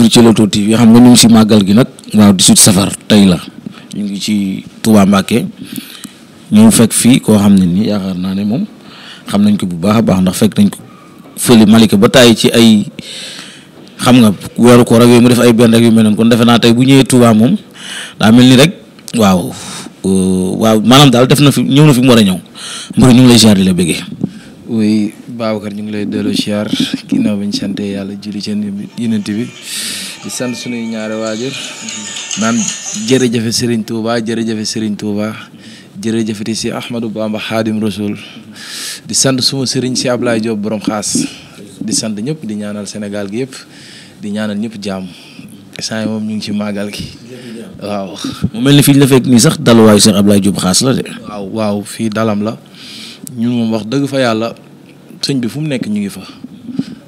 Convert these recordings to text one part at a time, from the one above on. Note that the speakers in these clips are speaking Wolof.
suivre ci Leewtoo TV xam nga ñu ngi si màggal gi nag waaw 18 safar tey la ñu ngi ci Touba Mbacké ñu fekk fii koo xam ne nii yaakaar naa ne moom xam nañ ko bu baax a baax ndax fekk nañ ko fële Malika ba tàyyi ci ay xam nga weeru koo rek yooyu mu def ay benn rek yu mel noonu kon defe naa tey bu ñëwee Touba moom daa mel ni rek waaw euh, waaw maanaam daal def na fi ñëw na fi mu war a ñëw lay ziar la bëggee. Babacar ñu ngi lay delloo siyaar ginnaaw bi ñu sant yàlla julli seen yonent bi di sant suñuy ñaari waajur naan jërëjëfe Serigne Touba jërëjëfe Serigne Touba jërëjëfati si Ahmadou Bamba Xaadim Rasul di sant suma sëriñ si Ablaye Diop borom xaas di sant ñëpp di ñaanal senegal gi yëpp di ñaanal ñëpp jàmm saa moom ñu ngi ci màggal gi. waaw. mu mel ni fii ñu fekk nii sax daluwaayu seen Ablaye Diop xaas la de. waaw waaw dalam la ñun moom wax dëgg fa yàlla. sëñ bi fu mu nekk ñu ngi fa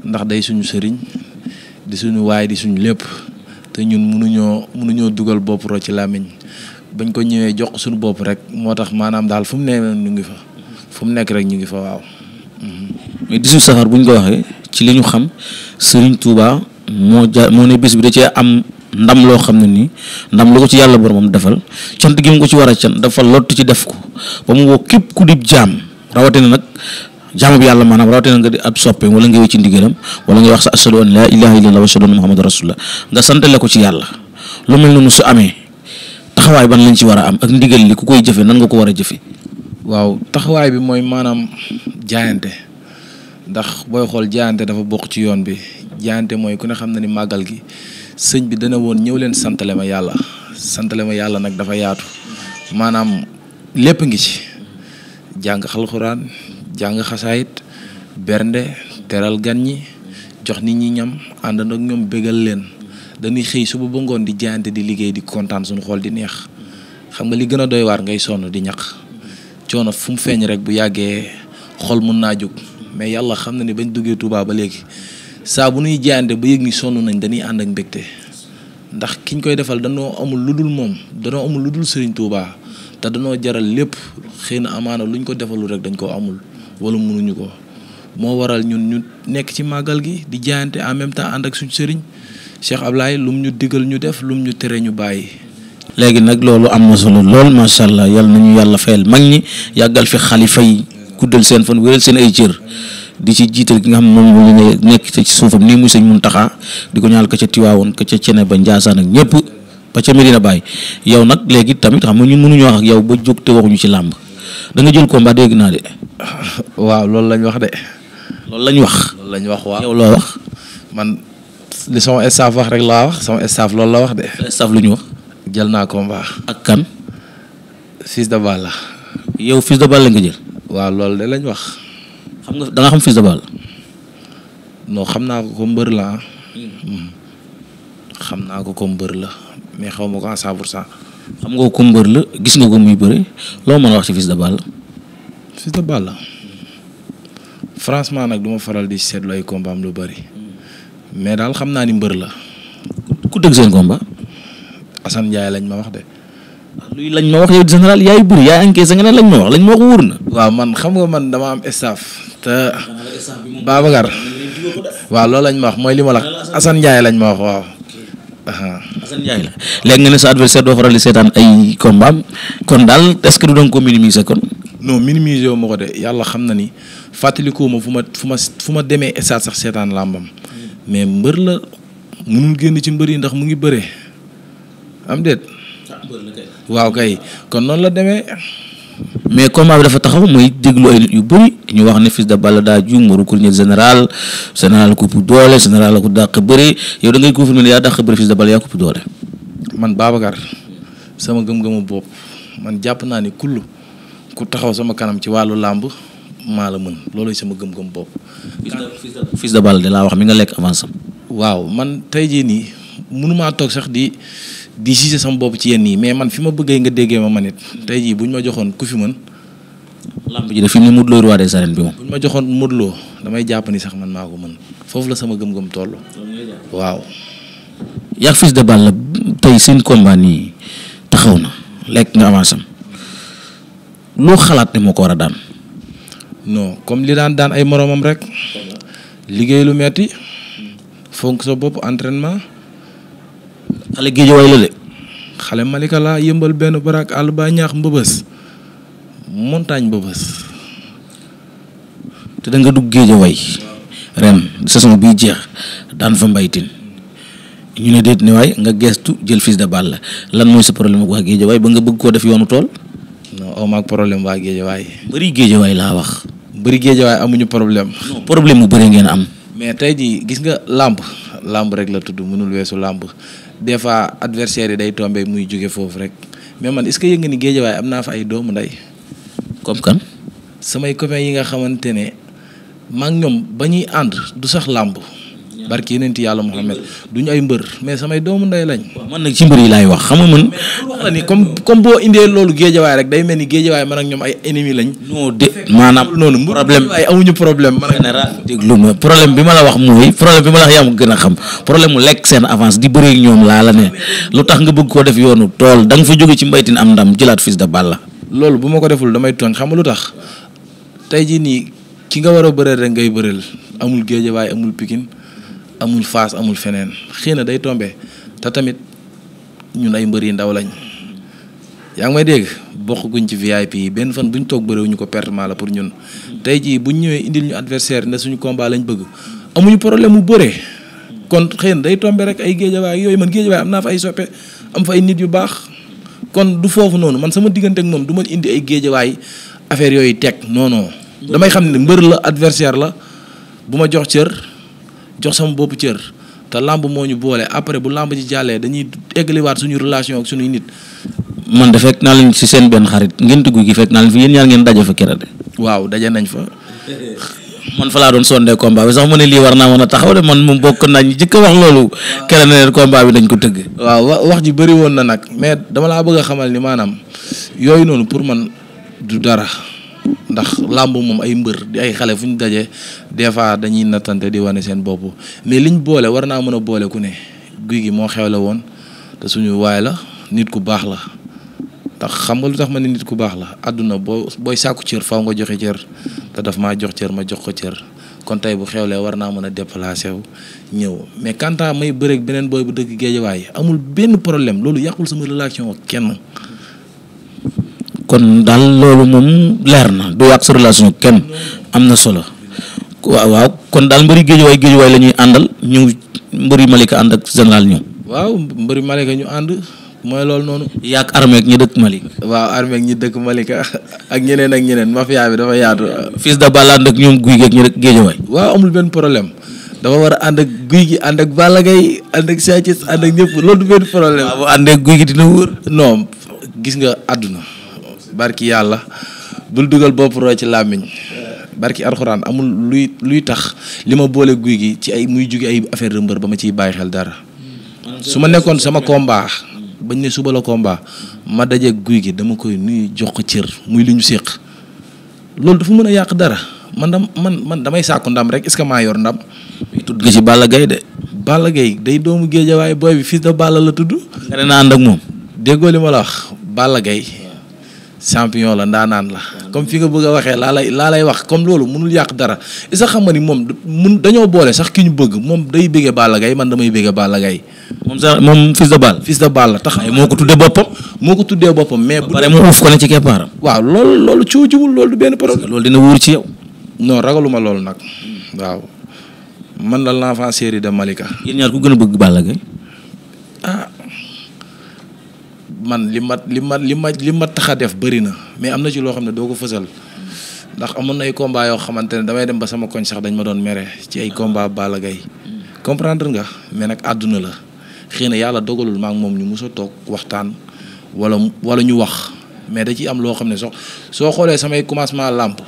ndax day suñu sëriñ di suñu waaye di suñu lépp te ñun mënuñoo mënuñoo dugal bopp ro ci làmmiñ bañ ko ñëwee jox suñu bopp rek moo tax maanaam daal fu mu nee ñu ngi fa fu mu nekk rek ñu ngi fa waaw. Mhm. mais 18 safar buñ ko waxee ci li ñu xam Serigne Touba moo ja moo ne bés bi da cee am ndam loo xam ne nii ndam lu ko ci yàlla boromam defal cant gi mu ko ci war a can dafa lott ci def ko ba mu woo képp ku di jaam rawatina jaamu bi yàlla maanaam rawatina nga di ab soppeem wala nga wéy ci ndigalam wala nga wax sa ashadu an laa ilaaha illallah wa ashadu anna muhammadan nga santale ko ci yàlla lu mel noonu su amee taxawaay ban lañ ci war a am ak ndigal li ku koy jëfe nan nga ko war a jëfe waaw taxawaay bi mooy maanaam jaayante ndax booy xool jaayante dafa bokk ci yoon bi jaayante mooy ku ne xam na ni màggal gi sëñ bi dana woon ñëw leen santale ma yàlla santale ma yàlla nag dafa yaatu maanaam ngi ci jàng xasaayit bernde teral gan ñi jox nit ñi ñam àndandoo ak ñoom bégal leen dañuy xëy suba ba ngoon di jaayante di liggéey di kontaan suñu xool di neex xam nga li gën a doy waar ngay sonn di ñaq coono fu mu feeñ rek bu yàggee xol mun naa jóg mais yàlla xam na ne bañ duggee Touba ba léegi saa bu nuy jaayante ba yëg ni sonn nañ dañuy ànd ak mbégte ndax kiñ koy defal danoo amul lu dul moom danoo amul lu dul Serigne Touba te danoo jaral lépp xëy na amaana luñ ko defalul rek dañ koo amul. wala mënuñu ko moo waral ñun ñu nekk ci màggal gi di jaayante en même temps ànd ak suñ sëriñ Cheikh Ablaye lum ñu digal ñu def lum ñu tere ñu bàyyi. léegi nag loolu am na solo lool macha allah yal nañu yàlla fayal mag ñi yàggal fi xalifa yi guddal seen fan wéral seen ay cër di ci jiital ki nga xam moom mu ngi nekk ci suufam ni muy sëñ Muntaxa di ko ñaal ko ca Tiwaawoon ko ca Cene ba Njaasaan ak ñëpp ba ca Medina Baay yow nag léegi tamit xam nga ñun mënuñu wax ak yow ba jóg te ci làmb da nga jël combat naa waaw loolu lañ wax de. loolu lañ wax. loolu lañ wax waaw yow loo wax. man li sama staff wax rek laa wax sama staff loolu la wax de. staff lu ñu wax. jël naa combat. ak kan. Fils de la yow Fils de lañ nga jël. waaw loolu de lañ wax. xam nga da xam Fils de Balla. non xam naa ko ko mbër la ah. hmm. xam naa ko comme mbër la mais xaw ma ko à 100 pour cent. xam nga ko comme mbër la gis nga ko muy bëre loo mën a wax ci Fils de Balla. Fils de Balla franchement nag du ma faral di seetlu ay combat lu bari mais daal xam naa ni mbër la. ku tëgg seen combat. Assane Ndiaye lañ ma wax de. luy lañ ma wax yow général yaay bëri yaay encaissé nga ne lañ ma wax lañ ma ko wóor na. waaw man xam nga man dama am staff te. Babacar. waaw loolu lañ ma wax mooy li ma la Assane Ndiaye lañ ma wax waaw. Assane nga ne sa adversaire doo faral di seetaan ay combat kon daal est-ce que du doon ko kon. no minimiser wu ma ko de yàlla xam na ni fàttalikoo ma fu ma fu ma fu ma demee stade sax seetaan làmbam mais mbër la mënul génn ci mbër yi ndax mu ngi bëre am déet. Ah, waaw kay kon noonu la demee. mais combat dafa taxaw muy déglu ay yu bëri ñu wax ne Fils de Balla daa juum mu recruter général général ko ëpp doole général la dàq bëri yow da ngay confirmer ne yaa dàq bëri Fils de Balla yaa ko ëpp doole. man Babacar sama gëm-gëmu bopp man jàpp naa ni kullu ku taxaw sama kanam ci wàllu làmb maa la mën loolu sama gëm-gëm bopp. Fils de Balla de laa wax mi nga lekk avance waaw man tey jii nii mënumaa toog sax di di gisee sama bopp ci yenn yi mais man fi ma bëggee nga déggee ma ma it tey jii bu ñu ma joxoon ku fi mën. lamb ji de fi mu ne Modou bi moom. bu ma joxoon Modou Lo damay jàpp ni sax man maa ko mën foofu la sama gëm-gëm toll. waaw. yaa Fils de Balla tey seen combat nii taxaw na lekk nga noo xalaat ne moo ko war a daan. non comme li daan daan ay moroomam rek liggéey lu metti fonk sa bopp entraînement. xale géejawaay la de. xale Malika laa yëmbal benn baraak àll ba ñaax mbëbës montagne mbëbës. te da dugg géejawaay ren saison bii jeex daan fa mbaytin ñu ne déet ne waay nga geestu jël fils de la lan mooy sa problème ak waa géejawaay ba nga bëgg koo def yoonu tool. aw maag problème waa géejawaay. bëri géejawaay laa wax. bëri géejawaay amuñu problème. problème mu bëri ngeen am. mais tey jii gis nga làmb làmb rek la tudd mënul weesu làmb des fois adversaire yi day tombé muy jóge foofu rek mais man est-ce que yëngu ni géejawaay am naa fa ay doomu ndey. comme kan. samay copains yi nga xamante ne mag ngi ñoom ba ñuy ànd du sax làmb. barki yeneen ti yàlla Muhammad duñu ay mbër mais samay doomu nday lañ. man nag ci mbër yi laay wax xam ma man. comme comme boo indee loolu géejawaay rek day mel ni géejawaay man ak ñoom ay ennemis lañ. non de maanaam. noonu problème ay amuñu problème. man déglu ma problème bi ma la wax mooy problème bi ma la wax gën a xam problème mu lekk seen avance di bëreeg ñoom laa la ne lu tax nga bëgg koo def yoonu tool danga nga fa jóge ci mbaytin am ndam jëlaat fils de balle. loolu bu ma ko deful damay tooñ xam nga lu tax tey jii nii ki nga war a bëreel rek ngay bëreel amul géejawaay amul pikin amul faas amul feneen xëy na day tombe te tamit ñun ay mbër yi ndaw lañ yaa ngi may dégg bokk guñ ci VIP yi benn fan buñ toog bëriwuñu ko pertement la pour ñun. tey jii bu buñ ñëwee indi ñu adversaire ne suñu combat lañ bëgg amuñu problème mu bëree. kon xëy na day tombe rek ay géejawaay yooyu man géejawaay am naa fa ay soppe am fa ay nit yu baax kon du foofu noonu man sama diggante ak moom duma indi ay géejawaay affaire yooyu teg non non. damay xam mbër la adversaire la bu ma jox jox sama bopp cër te làmb moo ñu boole après bu làmb ji jàllee dañuy eggaliwaat suñu relation ak suñuy nit. man de fekk naa leen si seen benn xarit ngeen dugg gi fekk naa leen fi yéen ñaar ngeen daje fa keroog de. waaw daje nañ fa. man fa laa doon sondee combat bi sax ma ne lii war naa mën a taxaw de man mu bokk nañ jëkk wax loolu keroog ne leen bi dañ ko tëgg. waaw wax ji bëri woon na nag mais dama laa bëgg a xamal ni maanaam yooyu noonu pour man du dara. ndax làmb moom ay mbër di ay xale fu ñu dajee des fois dañuy nattante di wane seen bopp mais liñ boole war naa mën a boole ku ne guy gi moo xew woon te suñu waay la nit ku baax la ndax xam nga lu tax ma ne nit ku baax la àdduna boo booy sàkku cër faw nga joxe cër te daf maa jox cër ma jox ko cër kon tey bu xewlee war naa mën a déplacé wu ñëw mais kantaa à may bëreeg beneen booy bu dëkk géejawaay amul benn problème loolu yàqul sama relation ak kenn kon daal loolu moom leer na du yàq sa relation kenn am na solo waaw waaw kon daal mbëri géejuwaay géejuwaay la ñuy àndal ñu mbëri Malika ànd ak général ñoom. waaw mbëri Malika ñu ànd mooy loolu noonu. yàq armée ak ñi dëkk Malika. waaw armée ak ñi dëkk Malika ak ñeneen ak ñeneen mafia bi dafa yaatu. fils de Balla ànd ak ñoom guy geeg ñi dëkk géejuwaay. waaw amul benn problème. dafa war a ànd ak guy gi ànd ak Balla Gaye ànd ak Sa Thiès ànd ak ñëpp loolu du benn problème. waaw bu ak guy gi dina wóor. non gis nga àdduna. barki yàlla bul dugal bopp roo ci làmmiñ barki arxuraan amul luy luy tax li ma boole guy gi ci ay muy jóge ay affaire rëmbër ba ma ciy bàyyi xel dara su ma nekkoon sama combat bañ ne suba la komba ma daje guy gi dama koy nuyu jox ko cër muy lu ñu séq loolu dafa mën a yàq dara man dam man man damay sàkku ndam rek est ce que maa yor ndam tudd nga ci Balla Gaye de Balla Gaye day doomu waaye booy bi fii de Balla la tudd nga ne naa ak moom déggoo li ma la wax Balla Gaye champion la naan la comme fi nga bëgg a waxee laa lay laa lay wax comme loolu mënul yàq dara isa xam nga ni moom mun dañoo boole sax ki ñu bëgg moom day bëggee Balla gay man damay bëggee Balla gay moom sax moom fils de Balla fils de la tax moo ko tuddee boppam moo ko tuddee boppam mais bu pare mu uuf ko ne ci keppaaram waaw loolu loolu coow jiwul loolu du benn problème loolu dina wóor ci yow non ragaluma loolu nag waaw man la l'enfant chéri de Malika yéen ñaar ku gën a bëgg Balla man li ma li ma li ma li ma tax a def bëri na mais am na ci loo xam ne doo ko fësal ndax amoon na ay combat yoo xamante ne damay dem ba sama koñ sax dañ ma doon mere ci ay combat Balla gay comprendre nga mais nag àdduna la xëy na yàlla dogalul ma ak moom ñu mos a toog waxtaan wala wala ñu wax mais da ciy am loo xam ne soo soo xoolee samay commencement làmp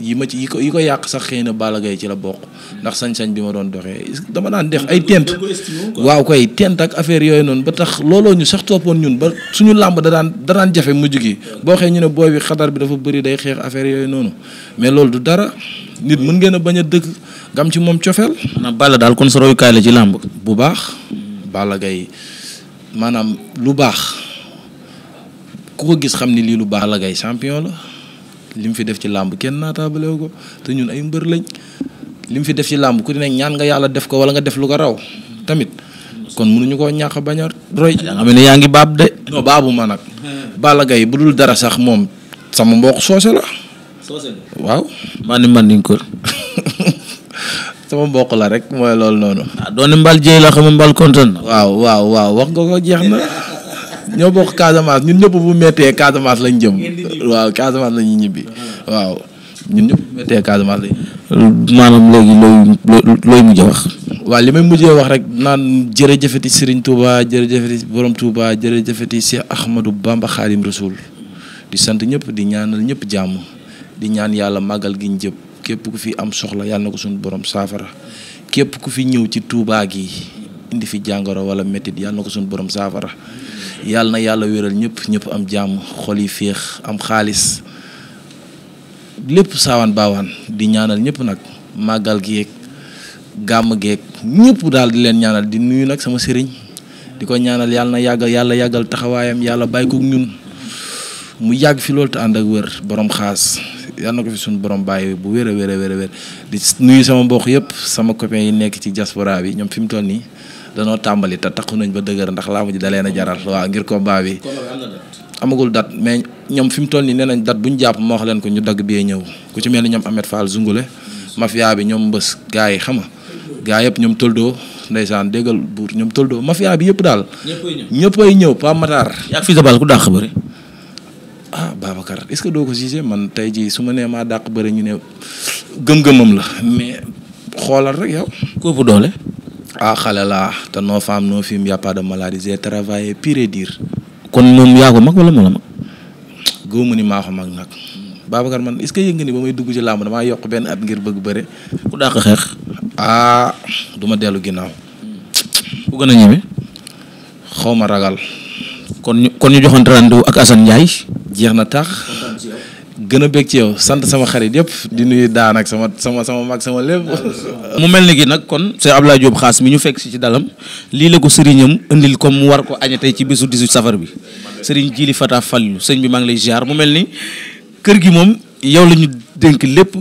yi ma ci yi ko yi ko yàq sax xëy na Balla Gaye ci la boq ndax sañ-sañ bi ma doon doxee dama daan def ay tent waaw koy tent ak affaire yooyu noonu ba tax looloo ñu sax toppoon ñun ba suñu làmb da daan jafe mujj gi boo xee ñu ne booy bi xadar bi dafa bari day xeex affaire yooyu noonu mais loolu du dara nit mën ngeen a bañ a dëkk gam ci moom cofeel na Balla daal kon sa royukaay la ci làmb bu baax Balla Gaye maanaam lu baax ku ko gis xam ni lii lu baax lagay Gaye champion la li mu fi def ci làmb kenn naataabalewu ko te ñun ay mbër lañ li mu fi def ci làmb ku ne ñaan nga yàlla def ko wala nga def lu ko raw tamit kon mënuñu koo ñàkk bañ a roy. yaa ngi ne yaa ngi baab de. non baabu ma nag. Balla Gaye bu dul dara sax moom sama mboq soose la. soose waaw. man ni man ni ko. sama mboq la rek mooy lool noonu. ah doon mbal jéey la xam mbal kontaan. waaw waaw wax nga ko jeex na. ñoo bokk Casamance ñun ñëpp bu méttee Casamance lañ jëm. waaw Casamance lañuy ñibbi. Uh-huh. waaw ñun ñëpp bu méttee Casamance lañ. maanaam léegi looy mujj wax. waaw li may mujjee wax rek naan jërëjëfati Serigne Touba jërëjëfati Borom Touba jërëjëfati Cheikh Ahmadou Bamba Khadim Rasoul di sant ñëpp di ñaanal ñëpp jàmm di ñaan yàlla màggal gi njëpp képp ku fi am soxla yàlla na ko suñu borom saafara képp ku fi ñëw ci tuubaa gi indi fi jàngoro wala métit yàlla na ko suñu borom saafara. yàlla na yàlla wéral ñëpp ñëpp am jàmm xol yi féex am xaalis lépp saawaan baawaan di ñaanal ñëpp nag màggal geeg gàmm geeg ñëpp dal di leen ñaanal di nuyu nag sama sëriñ di ko ñaanal yàlla na yàggal yàlla yàggal taxawaayam yàlla bàyyi ko ñun mu yàgg fi loolu te ànd ak wér borom xaas yàlla na ko fi suñu borom bàyyi bu wér a wér a wér a di nuyu sama mbokk yëpp sama copain yi nekk ci diaspora bi ñoom fi mu toll nii. danoo tàmbali te takku nañ ba dëgër ndax laamu ji da leen a jaral waaw ngir combat bi amagul date mais ñoom fi mu toll nii nee nañ date bu ñu jàpp moo wax leen ko ñu dagg bee ñëw ku ci mel ni ñoom Ahmed Fall Zungule mafia bi ñoom mbës gars yi xam nga gars yëpp ñoom Toldo ndeysaan déggal buur ñoom Toldo mafia bi yëpp daal. ñëpp ay ñëw Pa Matar. yaa fi ku dàq bëri. ah Babacar est-ce que doo ko gisee man tey jii su ma nee maa dàq bari ñu ne gëm-gëmam la mais xoolal rek yow. koo doole. ah xale laa te noo faam noo fi mu maladie j'ai travaillé pire et kon moom yaa ko mag wala ma la mag. góobu ni maa mag nag. Babacar man est-ce que ni ba may dugg ci làmb damaa yokk benn at ngir bëgg bëre. ku dàq xeex. ah du dellu ginnaaw. ku gën a xaw ma ragal. kon ñu kon ñu joxante rendez-vous ak Assane Ndiaye. jeex na tax. gën a bég ci yow sant sama xarit yëpp di daanak daan ak sama sama sama mag sama lépp. mu mel ni gi nag kon Cheikh Abdoulaye Diop xaas mi ñu fekk si ci dalam lii la ko sëriñam indil comme mu war ko aña tey ci bésu 18 safar bi sëriñ Jili Fata Fallu sëñ bi maa ngi lay ziar mu mel ni kër gi moom yow la ñu dénk lépp.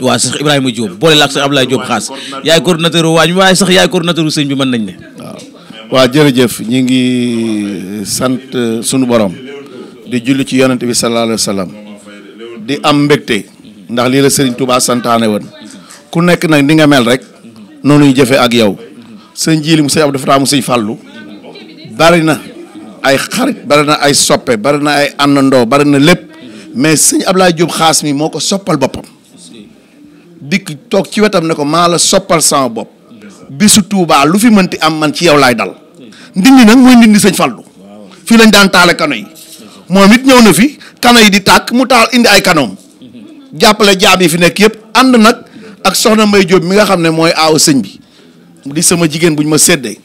waa sax Ibrahima Diop boole la ak ab Abdoulaye Diop xaas yaay coordinateur waa waaye sax yaay coordinateur sëñ bi mën nañ ne. waaw jërëjëf ñi ngi sant euh, sunu borom di julli ci yonent bi sallallahu alayhi di am mbégte ndax lii la Serigne Touba santaane woon ku nekk nag ni nga mel rek noonuy jëfe ak yow sëñ jiili mu sëñ Abdou Fatah mu sëñ Fallou bari na ay xarit bari na ay soppe bari na ay àndandoo bari na lépp mais sëñ Ablaye Diop xaas mi moo ko soppal boppam dikk toog ci wetam ne ko maa la soppal sama bopp bisu Touba lu fi mënti am man ci yow laay dal ndindi nag mooy ndindi sëñ Fallou fii lañ daan taale kano yi moom it ñëw na fi kana yi di tàkk mu taal indi ay kanoom jàppale jaam yi fi nekk yëpp ànd nag ak soxna May Diop mi nga xam ne mooy aaw sëñ bi di sama jigéen bu ñu ma seddee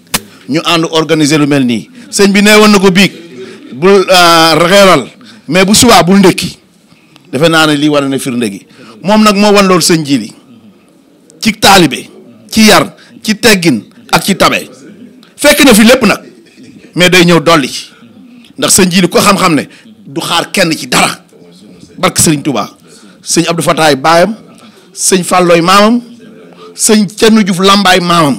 ñu ànd organiser lu mel nii sëñ bi ne woon na ko biig bul euh, reeral mais bu subaa bul ndékki defe naa ne lii war na firnde gi moom nag moo wan loolu sëñ ji li ci taalibe ci yar ci teggin ak ci tabe fekk na fi lépp nag mais day ñëw dolli ndax sëñ ji li ko xam-xam ne du xaar kenn ci dara barke sëriñ Touba sëñ Abdou Fataay baayam sëñ Fàllooy maamam sëñ Cerno Juuf làmbaay maamam.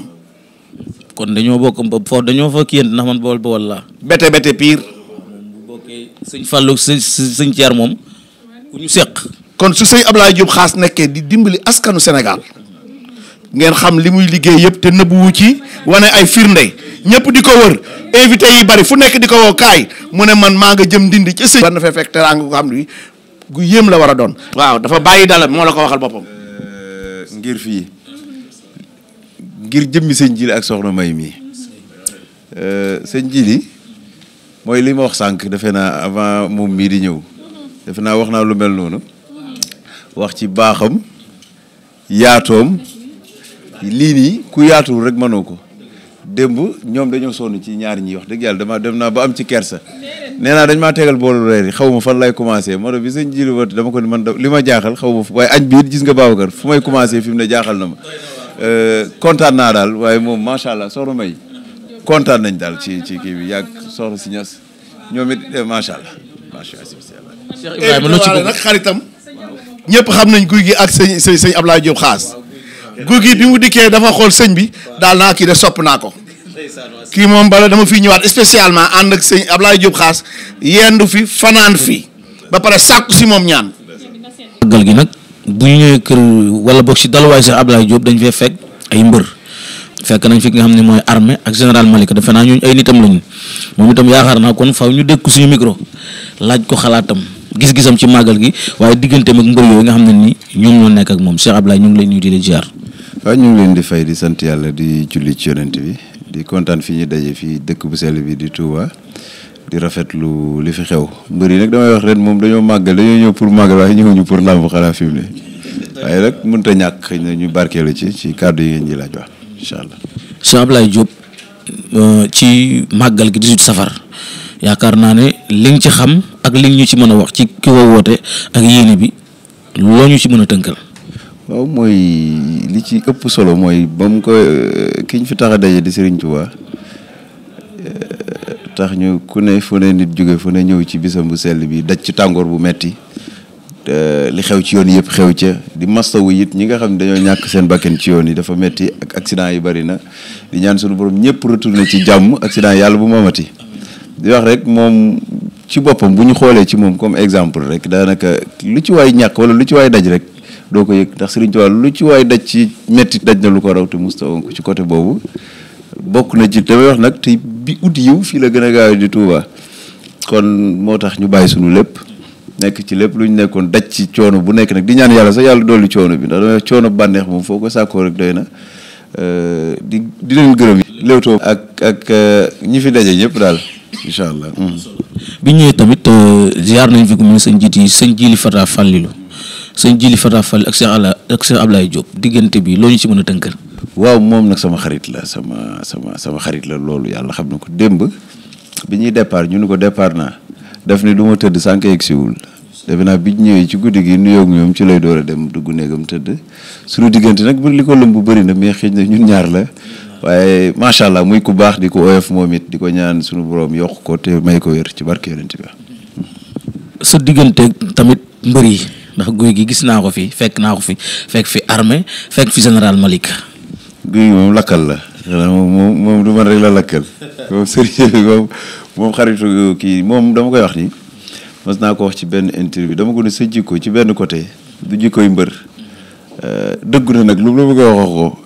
kon dañoo bokk foofu dañoo fa kii ndax man bool bool laa. bete bete pire. sëñ Fallou sëñ sëñ Ceer moom ku ñu seq. kon su sëñ Ablaye Diop xaas nekkee di dimbali askanu senegal ngeen xam li muy liggéey yëpp te nëbbuwu ci wane ay firnde. ñépp di ko wër invité yi bari fu nekk di ko wokaay mu ne man maa nga jëm dindi ci sëñ war na fa fekk teraanga ko xam ni gu yéem la war a doon waaw dafa bàyyi dalam moo la ko waxal boppam euh, ngir fii ngir jëmmi sëñ jili ak soxna may mii euh, sëñ jili mooy li wax sànq defe naa avant moom mii di ñëw defe naa wax naa lu mel noonu wax ci baaxam yaatoom lii nii ku yaatuwul rek mënoo ko démb ñoom dañoo sonn ci ñaar ñi wax dëgg yàlla dama dem naa ba am ci kersa nee naa dañ ma tegal boolu reer yi xaw ma fan lay commencé moo tax bi sëñ jili wat dama ko ni man li ma jaaxal xaw ma waaye añ biir gis nga Babacar fu may commencé fi mu ne jaaxal na ma euh, kontaan naa daal waaye moom macha allah soxna may kontaan nañ daal ci ci kii bi yàgg soxna si ñas ñoom it euh, macha allah macha allah Cheikh Ibrahima nag xaritam ñëpp xam nañ guy ak sëñ sëñ Ablaye Diop xaas guy bi mu dikkee dafa xool sëñ bi daal naa kii de sopp naa ko kii moom bala dama fi ñëwaat spécialement ànd ak sëñ Ablaye Diop xaas yendu fi fanaan fi ba pare sàkku si moom ñaan. màggal gi nag bu ñu ñëwee kër wala boog si daluwaay sax Ablaye joob dañ fee fekk ay mbër fekk nañ fi nga xam ne mooy armée ak général Malika defe naa ñooñ ay nitam lañu moom itam yaakaar naa kon faaw ñu dégg suñu micro laaj ko xalaatam gis-gisam ci màggal gi waaye digganteem ak mbër yooyu nga xam ne ni ñoom nekk ak moom Cheikh Ablaye ñu ngi lay nuyu di la ziar. waaw ñu leen di fay di sant yàlla di julli ci yonent bi di kontaan fi ñu daje fii dëkk bu sell bi di Touba di rafetlu li fi xew mbër yi nag damay wax ren moom dañoo màggal dañoo ñëw pour màggal waaye ñëwuñu pour làmb xanaa fi mu waaye nag mënut ñàkk xëy na ñu barkeelu ci ci kàddu yi ngeen ji laaj wax incha allah. Cheikh Ablaye Diop euh, ci màggal gi 18 safar yaakaar naa ne li nga ci xam ak li ñu ci mën a wax ci ki ko woote ak yéene bi loo ñu ci mën a tënkal. waaw mooy li ci ëpp solo mooy ba mu ko ki ñu fi tax a daje di Serigne Touba eh, tax ñu ku ne fu ne nit jóge fu ne ñëw ci bisam bu sell bi daj ci tàngoor bu metti li xew ci yoon yëpp xew ca di mastawu it ñi nga xam ne dañoo ñàkk seen bakken ci yoon yi dafa metti ak accident yi bari na di ñaan suñu borom ñëpp retourné ci jàmm accident yàlla bu moomati di wax rek moom ci boppam bu ñu xoolee ci moom comme exemple rek daanaka lu ci waay ñàkk wala lu ci waay daj rek doo ko yëg ndax Serigne Touba lu ci waay daj ci metti daj na lu ko raw te musta woon ci côté boobu bokk na ci damay wax nag te bi ut yiw fii la gën a gaaw di tuubaa kon moo tax ñu bàyyi suñu lépp nekk ci lépp lu ñu nekkoon daj ci coono bu nekk nag di ñaan yàlla sax yàlla dolli coono bi ndax damay wax coono bànneex moom foo ko sàkkoo rek doy na euh, di di leen gërëm yi Leewtoo ak ak euh, ñi fi daje ñëpp daal incha allah. Hmm. bi ñëwee tamit euh, ziar nañu fi ko mu sëñ jiit yi sëñ Jili Fata sëñ jiili Fata Fall ak sëñ Ala ak sëñ Ablaye diggante bi loo ñu ci mën a tënkal. waaw moom nag sama xarit la sama sama sama xarit la loolu yàlla xam na ko démb bi ñuy départ ñu ni ko départ naa def ni du ma tëdd sànq yegg siwul defe naa bi ñëwee ci guddi gi nu nuyoog ñoom ci lay door a dem dugg néegam tëdd su diggante nag li ko lëm bu bëri na mais xëy na ñun ñaar la waaye macha allah muy ku baax di ko oyof moom di ko ñaan suñu borom yokk ko te may ko wér ci barke yonent bi. diggante tamit mbër yi ndax guy gi gis naa ko fi fekk naa ko fi fekk fi armée fekk fi général malik guy moom lakkal la. moom moom du man rek la lakkal moom xaritu kii moom dama koy wax ni mas naa ko ci benn interview dama ko ne sa ci benn côté du jikkoy mbër euh, dëggu na nag lu mu ko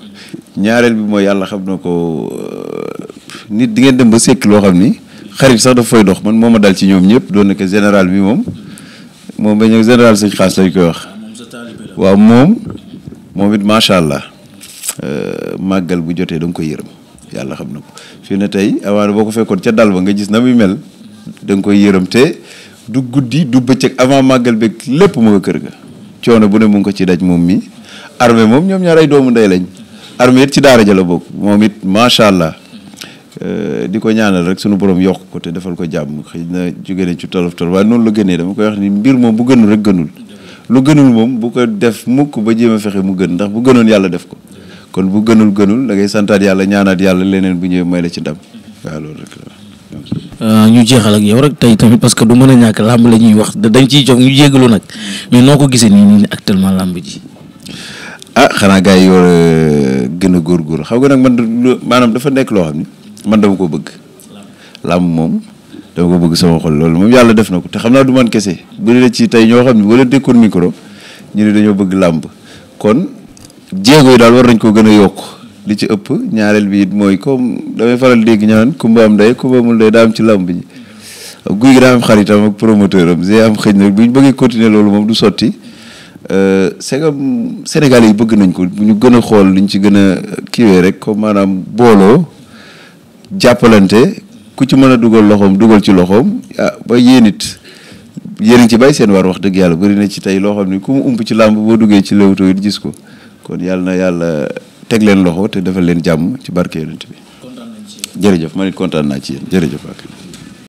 ñaareel bi mooy yàlla xam na ko euh, nit di ngeen dem ba sekk loo xam ni xarit sax dafa fay dox man moo ma dal ci ñoom ñëpp doon na général bi moom moom ba ñëw général sëñ xaas lañ koy wax ah, waaw moom moom it macha allah euh, màggal bu jotee danga koy yërëm yàlla xam na ko fii ne tey amaana boo ko fekkoon ca dal ba nga gis na muy mel danga koy yërëm te du guddi du bëccëg avant màggal beeg lépp mu nga kër ga coono bu ne mu ngi ko ci daj moom mii armée moom ñoom ñaar ay doomu ndey lañ armée it ci daara ja la bokk moom it macha allah. Euh, di ko ñaanal rek sunu borom yokk ko te defal ko jàmm xëy na jóge nañ ci tolof tolof waaye noonu la gënee dama koy wax nii mbir moom bu gënul rek gënul lu gënul moom bu ko def mukk ba jéem a fexe mu gën ndax bu gënoon yàlla def ko kon bu gënul gënul dangay santaat yàlla ñaanaat yàlla leneen bu ñëwee may la ci ndam waaw loolu rek euh, ñu jeexal ak yow rek tey tamit parce que du mën a ñàkk làmb la ñuy wax dañ ciy jox ñu jégalu nag mais noo ko gisee nii nii actuellement làmb ji. ah xanaa gars yi yor gën a góorgóorlu xam nga nag man maanaam dafa nekk loo ni man dama ko bëgg. làmb moom dama ko bëgg sama xol loolu moom yàlla def na ko te xam naa du man kese bëri na ci tey ñoo xam ne boo leen dékkoon micro ñu ne dañoo bëgg làmb kon jéego yi daal war nañ ko gën a yokk li ci ëpp ñaareel bi mooy comme damay faral dégg ñaan kumba am ndey kumba amul daa am ci làmb ji guy gi daa am xaritam ak promoteur am g am xëy nag bu ñu bëggee continuer loolu moom du sotti euh, segam Sénégal yi bëgg nañ ko bu ñu gën a xool liñ ci gën a kiiwee rek comme maanaam booloo jàppalante ku ci mën a dugal loxoom dugal ci loxoom ah ba yéen it yéen ci bay seen war wax dëgg yàlla bëri na ci tey loo xam ni ku mu ump ci làmb boo duggee ci Leewtoo gis ko kon yàlla na yàlla teg leen loxo te defal leen jàmm ci barke yonent bi jërëjëf man it kontaan naa ci yéen jërëjëf ak